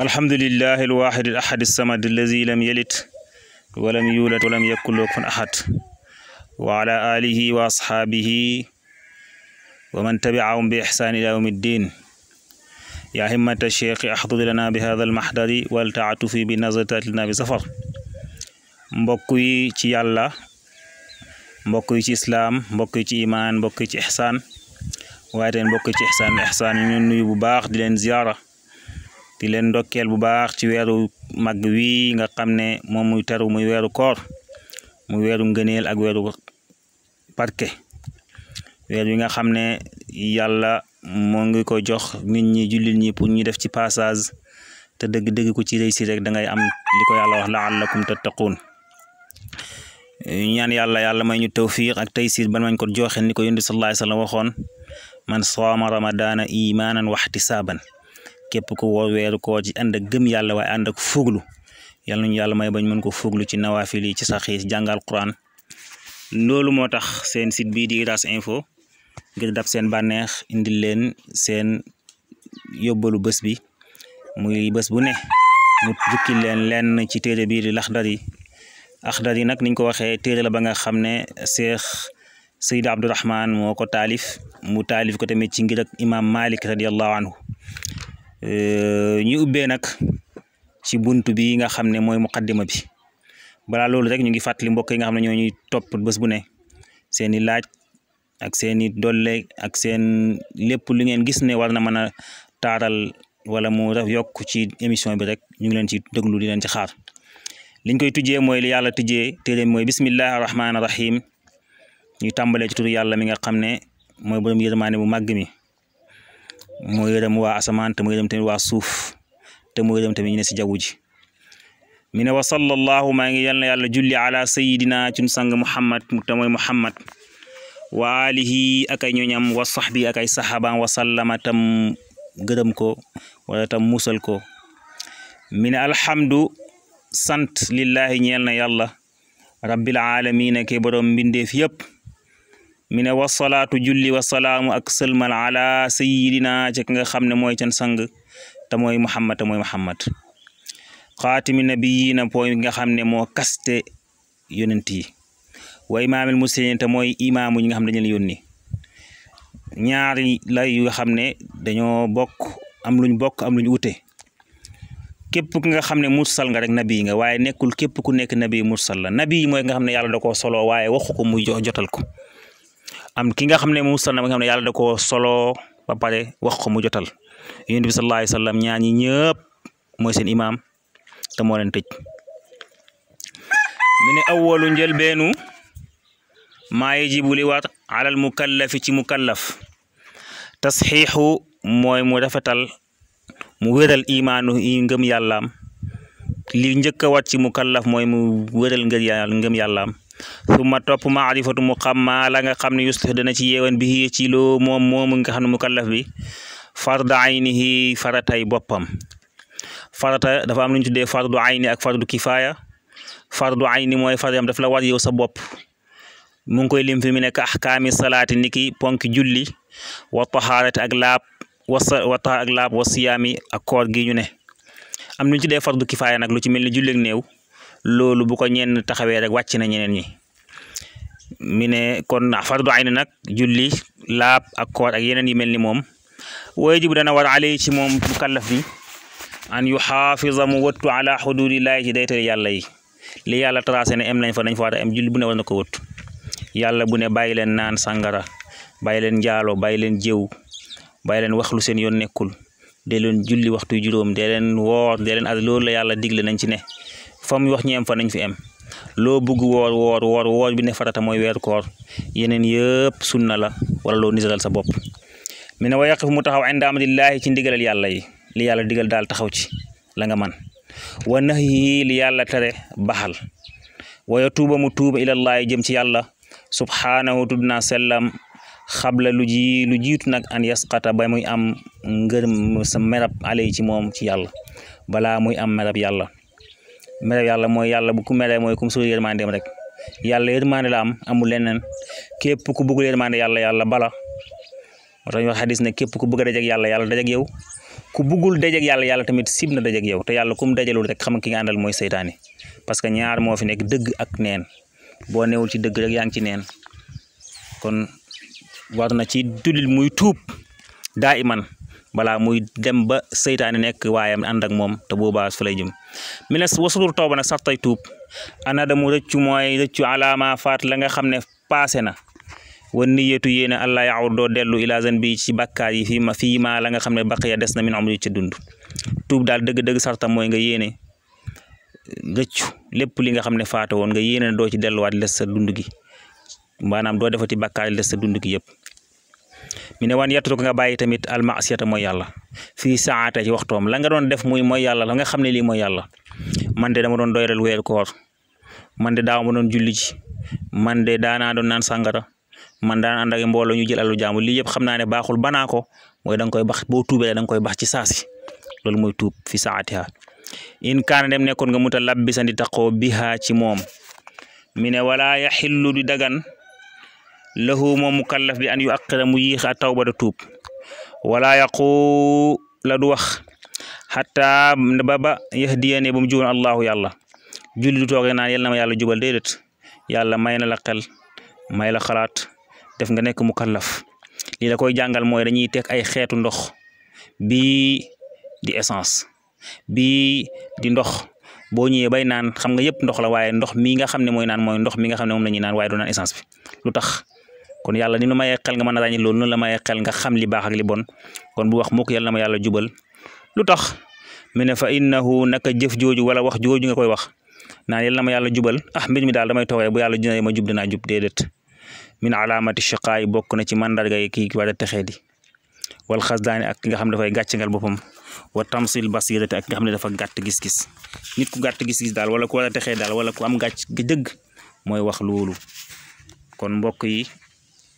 الحمد لله الواحد الأحد السمد الذي لم يلد ولم يولد ولم يكن له أحد وعلى آله وأصحابه ومن تبعهم بإحسان إلى يوم الدين يا همة الشيخ أحضر لنا بهذا المحضر والتعاطف بنظرة لنا بسفر مبكوي تي الله مبكوي تي إسلام مبكوي تي إيمان مبكوي تي إحسان mbokk مبكوي تي إحسان إحسان teen mbokk yi ci di len ndokkeel bu baax ci wéru mag wi nga xamné ne muy teru muy wéru koor muy wéru ngëneel ak wéru parke weer yi nga xamné ne mo ngi ko jox nit ñi jullit ñi pour ñi def ci passage te dëgg-dëgg ku ci réussir rek da ngay am liko yalla wax laallakum tattaqun ñaan yalla yalla may ñu tawfiq ak taysir ban mañ ko joxe ni ko sallallahu alayhi wasallam waxon man saama ramadaana imanan wa ihtisaban képp ku woo weeru koo ci ànd ak gëm yàlla waaye ànd ak fuglu yàlla nañu yàlla may bañ mën ko fuglu ci nawaafil yi ci sax xiis jàngal quran loolu moo tax seen site bii di ras Info ngir dab seen bànneex indil leen seen yóbbalu bés bi muy bés bu ne mu jukki leen lenn ci téere bii di laxdar yi axdar yi nag niñ ko waxee téere la ba nga xam ne seex Seyd Abdourahman moo ko taalif mu taalif ko tamit ci ngir ak imam Malik radiallahu anhu Euh, ñu ubbee nag ci bunt bi nga xam ne mooy muqaddima bi balaa loolu rek ñu ngi fàttali mbokk yi nga xam ne ñoo ñuy topp bés bu ne seeni laaj ak seeni dolle ak seen lépp lu ngeen gis ne war na mën a taaral wala mu yokk ci émission bi rek ñu ngi leen ci déglu di leen ci xaar liñ koy tujjee mooy li yàlla tujjee téere mooy bismillahi rahmaani rahim ñu tàmbalee ci turu yàlla mi nga xam ne mooy borom yërmaane bu màgg mi moo yërëm waa asamaan te moo yërëm tamit waa suuf te moo yërëm tamit ñu si jaww ji mi ne wa sallallahu maa ngi yal na yàlla julli ala sayidina cun sang muhammad te mooy muhammad wa alihi ak ay ñooñam wa sahbi ak ay sahabaam tam gërëm ko wala tam musal ko mi alhamdu sant lillahi ñeel na yàlla rabbil alamina ke borom mbindeef yëpp mi ne wasalaatu julli wasalaamu ak sëlmal ala sayidina ci ki nga xam ne mooy can sang te mooy muhammad te mooy muhammad xaatimi nabiyina pooy nga xam ne moo kaste yonent yi wa imaamil muslimin te mooy imaamu ñi nga xam ne dañu leen ñaari la yu xam ne dañoo bokk am luñ bokk am luñ wute képp ki nga xam ne mursal nga rek nabi nga waaye nekkul képp ku nekk nabi mursal la nabi mooy nga xam ne yàlla da koo solo waaye waxu ko muy jox jotal ko am ki nga xam ne musannaf nga xam ne yàlla da ko solo ba pare wax ko mu jotal yonent bi sallallahu alayhi wa ñëpp mooy seen imaam te moo leen tëj mu ne awwalu njëlbeenu maa yajibu li waat alal mukallafi ci mukallaf tasxiixu mooy mu rafetal mu wéral imaanu yi ngëm yàllaam li njëkk a wat ci mukallaf mooy mu wéral ngëm yàllaam summa topp maarifatu mu xam maa la nga xam ne yuslih ci yeewan bi ci loo moom moomu nga xam ne mukallaf bi fardu aynihi faratay boppam farata dafa am lu ñu tuddee fardu ayni ak fardu kifaaya fardu ayni mooy far yam daf la war yow sa bopp mu ngi koy lim fi mu nekk salaati niki ponk julli wa tahaarati ak laab wasa wa ak laab wa siyaami ak koor gi ñu ne am lu ñu tuddee fardu kifaaya nag lu ci mel ni julli ak néew loolu bu ko ñenn taxawee rek wàcc na ñeneen ñi mi ne kon fardu ayni nag julli laab ak koor yeneen yi mel ni moom wajibu dana war alay ci moom mukallaf bi an yu xaafisa mu wattu ala xududillahi ci daytali yàlla yi li yàlla tracé ne em lañ fa nañ fa war a em julli bu ne war na ko wëttu yàlla bu ne bàyyi leen naan sangara bàyyi leen njaalo bàyyi leen jëw bàyyi leen wax seen yoon nekkul dee leen julli waxtu juróom dee leen woor dee leen loolu la yàlla digle nañ ci ne fa mu wax ñeem fa nañ fi am loo bugg woor woor woor woor bi ne farata mooy weeru koor yeneen yëpp sunna la wala loo nisaral sa bopp mi ne wa mu taxaw inda amrillaahi ci ndigalal yàlla yi li yàlla digal daal taxaw ci langa nga man wa nahyi li yàlla tere baxal wa yatuuba mu tuuba ilallaahi jëm ci yàlla subhaanahu tudd naa sellam xabla lu ji lu jiitu nag an yasqata ba muy am ngërëm sa merab alay ci moom ci yàlla bala muy am merab yàlla mere yàlla mooy yàlla bu ku meree mooy comme suñu yërmandeem rek yàlla yërmande la am amul leneen képp ku bugg bëgg yërmande yàlla yàlla bala moo tax ñu wax xadis képp ku bëgg a yàlla yàlla dajeeg yow ku bëggul dajeeg yàlla yàlla tamit sib na dajeeg yow te yàlla kum dajalul rek xam ki nga mooy seytaane parce que ñaar moo fi nekk dëgg ak neen boo newul ci dëgg rek yaa ngi ci neen kon waatu na ci dulil muy tuub daa iman balaa muy dem ba seytaane nekk waayam ànd ak moom te boobaa su lay jëm mi ne wasudur tawba nag sax tay tuub anadamu rëccu mooy rëccu alaama faat la nga xam ne paase na wa niyetu yéene allah yaawur doo dellu ila zan bi ci bakkaar yi fii ma fii ma la nga xam ne baqiya des na min umri ci dund tuub daal dëgg-dëgg sarta mooy nga yéene rëccu lépp li nga xam ne faata woon nga yéene doo ci delluwaat les sa dund gi maanaam doo defati bakkaar yi les sa dundu gi yëpp mi ne wan yattu nga bàyyi tamit almasiyata mooy yàlla fii saata ci waxtoom la nga doon def muy mooy yàlla la nga xam ne lii mooy yàlla man de dama doon doyral weer koor man de daaw ma doon julli ji man de daanaa doon naan sàngara man daan ànd ak mbooloo ñu jël alu jaamu lii yëpp xam naa ne baaxul bana ko mooy da koy bax boo tuubee da koy bax ci saasi loolu mooy tuub fi saatiha in kaana dem nekkoon nga muta labbisandi taqoo biha ci moom mi ne wala yaxillu dagan lahu moom mukallaf bi an yu aqira mu yéex a tawba da tuub wala yaqu la du wax xataa ba ba yahdiyane ba mu jubal allahu yàlla julli du toogee naan yal na ma yàlla jubal déedéet yàlla may na la xel may la xalaat def nga nekk mukallaf lii la koy jàngal mooy dañuy teg ay xeetu ndox bii di essence bii di ndox boo ñëwee naan xam nga yëpp ndox la waaye ndox mi nga xam ne mooy naan mooy ndox mi nga xam ne moom la ñuy naan waaye du naan essence bi kon yàlla ni nu mayee xel nga a ràññee loolu noonu la mayee xel nga xam li baax ak li bon kon bu wax mukk yàlla na ma yàlla jubal lu tax mu ne fa innahu naka jëf jooju wala wax jooju nga koy wax naan yàlla ma yàlla jubal ah mbir mi daal damay toogee bu yàlla jëndee ma jub dinaa jub déedéet min alaamati chiqaay bokk na ci mandarga yi kii war a texee di wal xasdaani ak ki nga xam ne dafay gàccengal boppam wa tamsil basirati ak ki xam ne dafa gàtt gis-gis nit ku gàtt gis-gis daal wala ku war a daal wala ku am gàcc dëgg mooy wax loolu kon mbokk